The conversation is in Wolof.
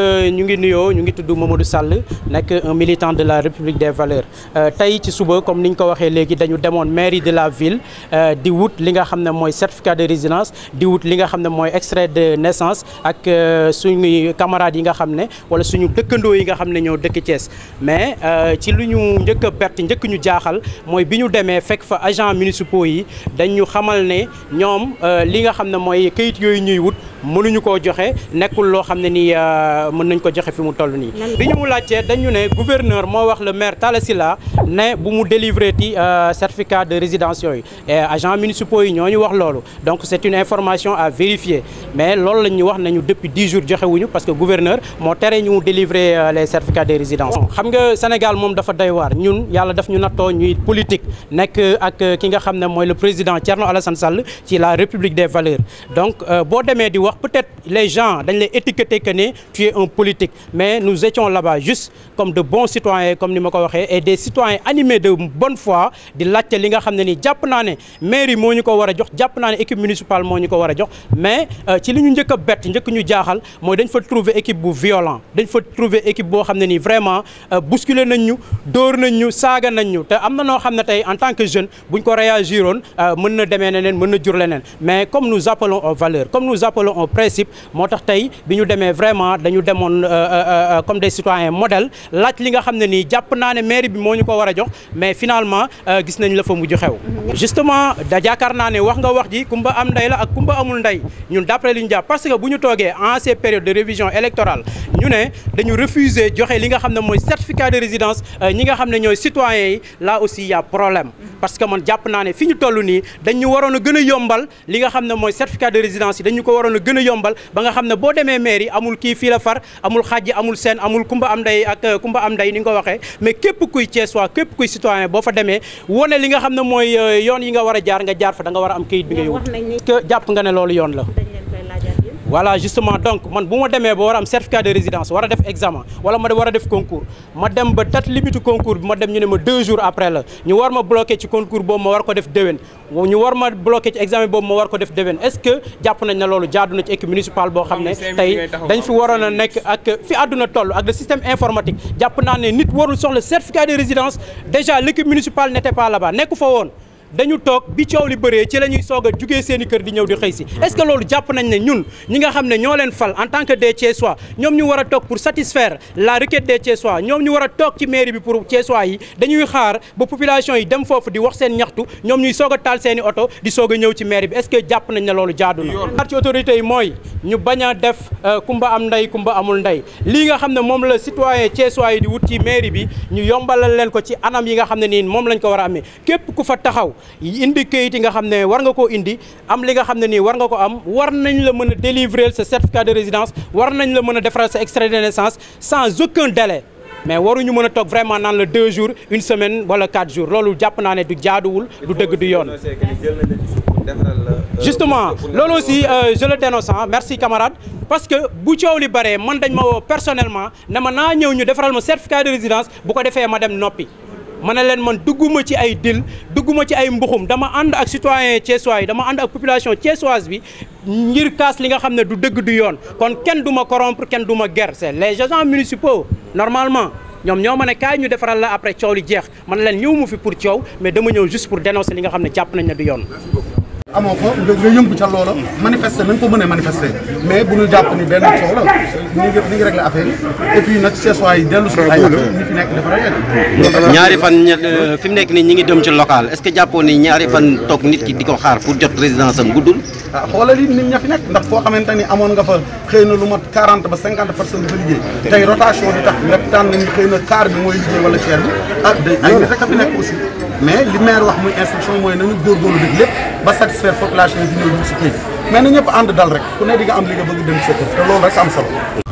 Euh, ñu ngi nuyoo ñu ngi tudd du Sall nekk un militant de la République des valeur euh, tey ci suba comme ni ñu ko waxee léegi dañu demoon mairie de la ville euh, di wut li nga xam ne mooy certificat de résidence di wut li nga xam ne mooy extrait de naissance ak suñuy camarades yi nga xam ne wala suñu dëkkandoo yi nga xam ne ñoo dëkk Thiès mais ci lu ñu njëkk a bett njëkk ñu jaaxal mooy bi ñu demee fekk fa agents municipaux yi dañu xamal ne ñoom li nga xam ne mooy kayit yooyu ñuy mënuñu koo joxe nekkul loo xam ne nii mën nañ ko joxe fi mu toll nii bi ñu laajtee dañu ne gouverneur moo wax le maire Talla Sylla ne bu mu délivrer ti euh, certificat de résidence yooyu et agents municipaux yi ñoo ñu wax loolu donc c'est une information à vérifier mais loolu la ñu wax nañu depuis dix jours joxewuñu parce que gouverneur moo tere ñu délivrer euh, les certificats de résidence xam nga Sénégal moom dafa doy waar ñun yàlla daf ñu nattoo ñuy politique nekk ak euh, ki nga xam ne mooy le président Thierno Alassane Sall ci la République des valeurs donc un politique mais nous étions là-bas juste comme de bons citoyens comme ni ma ko waxee et des citoyens animés de bonne foi di laajte li nga xam ne ni jàpp naa mairie moo ñu ko war a jox jàpp naa équipe municipale moo ñu ko war a jox mais euh, ci li ñu njëkk a bett njëkk jaaxal mooy dañ fa trouver équipe bu violent dañ fa trouver équipe boo xam ne nii vraiment euh, bousculer nañ ñu dóor saaga nañ te am na noo xam ne tey en tant que jeune buñ ko réagiroon euh, m na demee na jur leneen mais comme demoon euh, euh, euh, comme des citoyens modèles laaj li nga xam ne nii jàpp naa ne mairie bi moo ñu ko war a jox mais finalement gis nañ la fa mujj xew justement da jaakaar naa ne wax nga wax ji kumba am ndey la ak kumba amul ndey ñun d'après li ñu jàpp parce bu ñu toogee en ces périodes de révision li nga xam ne mooy certificat de résidence ñi nga ne ñooy citoyens yi là aussi y a problème parce que man jàpp naa ne fi ñu toll nii dañu waroon a gën a yombal li nga xam ne mooy certificat de résidence yi dañu ko waroon a gën a yombal ba nga xam ne boo demee mairie amul kii fii la far amul xaaj amul seen amul kumba am nday ak euh, kumba am nday ni nga ko waxee mais képp kuy Thiessois képp kuy citoyen boo fa demee wone li nga xam ne mooy euh, yoon yi nga war a jaar nga jaar fa danga nga war a am kayit bi ngay wut jàpp nga ne loolu yoon la voilà justement donc man bu ma demee ba war a am certificat de résidence war a def examen wala ma war a def concours ma dem ba date limite concours ma dem ñu ne ma deux jours après la ñu war ma bloqué ci concours boobu ma war ko def déwén ñu war ma bloqué ci examen boobu ma war ko def déwén est-ce que jàpp nañ ne loolu jaadu na ci équipe municipale boo xam ne tey dañ fi waroon nekk ak fi àdduna toll ak le système informatique jàpp naa ne nit warul soxla certificat de résidence déjà l'équipe municipale n'était pas là-bas woon dañu toog bi coow li bëree ci la ñuy soog a jugee seen kër di ñëw di xëy si mm-hmm. est-ce que loolu jàpp nañ ne ñun ñi nga xam ne ñoo leen fal en tant que des Thiessois ñoom ñu war a toog pour satisfaire la requête des ñu war toog ci mairie bi pour Thiessois yi dañuy xaar ba population yi dem foofu di wax seen ñaxtu ñoom ñuy soog a taal seeni oto di soog a ñëw ci mairie bi est-ce que jàpp nañ ne loolu jaadu na xaar ci autorités yi mooy ñu bañ a def euh, kumba am ndey kumba amul ndey lii nga xam ne moom la citoyen Thiessois yi di wut ci mairie bi ñu yombalal leen ko ci anam yi nga xam ne nii moom lañ ko war a amee képp ku fa taxaw indi këyit yi nga xam ne war nga koo indi am li nga xam ne nii war nga ko am war nañ la mën a délivrer sa certificat de résidence war nañ la mën a defaral sa extrait de naissance sans aucun délai mais waruñu mën a toog vraiment naan la deux jours une semaine wala quatre jours loolu jàpp naane ne du jaaduwul du dëgg du yoon justement loolu aussi euh, je le dénonce merci camarade parce que bu coow li bare man dañ ma woo personnellement ne ma naa ñëw ñu defaral ma certificat de résidence bu ko defee ma dem noppi ma ne leen man dugguma ci ay dil dugguma ci ay mbuxum dama ànd ak citoyen thiessois yi dama ànd ak population ce thiessoise bi ngir kaas li nga xam ne du dëgg du yoon kon kenn du ma corrompre kenn du ma guerre c'est les agents municipaux normalement ñoom ñoo ma ne kaay ñu defaral la après coow li jeex man leen ñëw mu fi pour coow mais dama ñëw juste pour dénoncer li nga xam ne jàpp nañ ne du yoon amoo ko nga nga yëngu ca loola. manifester na ko mënee manifester mais bu ñu jàpp ni benn coow la ñu ngi ñu ngi réglé fi nekk dafa rek ñaari euh, fi mu nekk nii ñi ngi dem ci local est-ce que jàppoo ni ñaari fan toog nit ki di ko xaar pour jot résidence am guddul. waaw ah, xoolal nit ña fi nekk ndax foo xamante ni amoon nga fa xëy na lu mat ba 50 personnes nga fa liggéey tey rotation di tax nga tànn ni xëy na car bi mooy liggéey wala ceer bi ah day ay nit rek a fi nekk aussi mais li maire wax muy instruction mooy nañu góorgóorlu satisfaire population yi fi ñëw ñu si mais na ñëpp ànd dal rek ku ne di nga am li nga bëgg dem sa kër rek am solo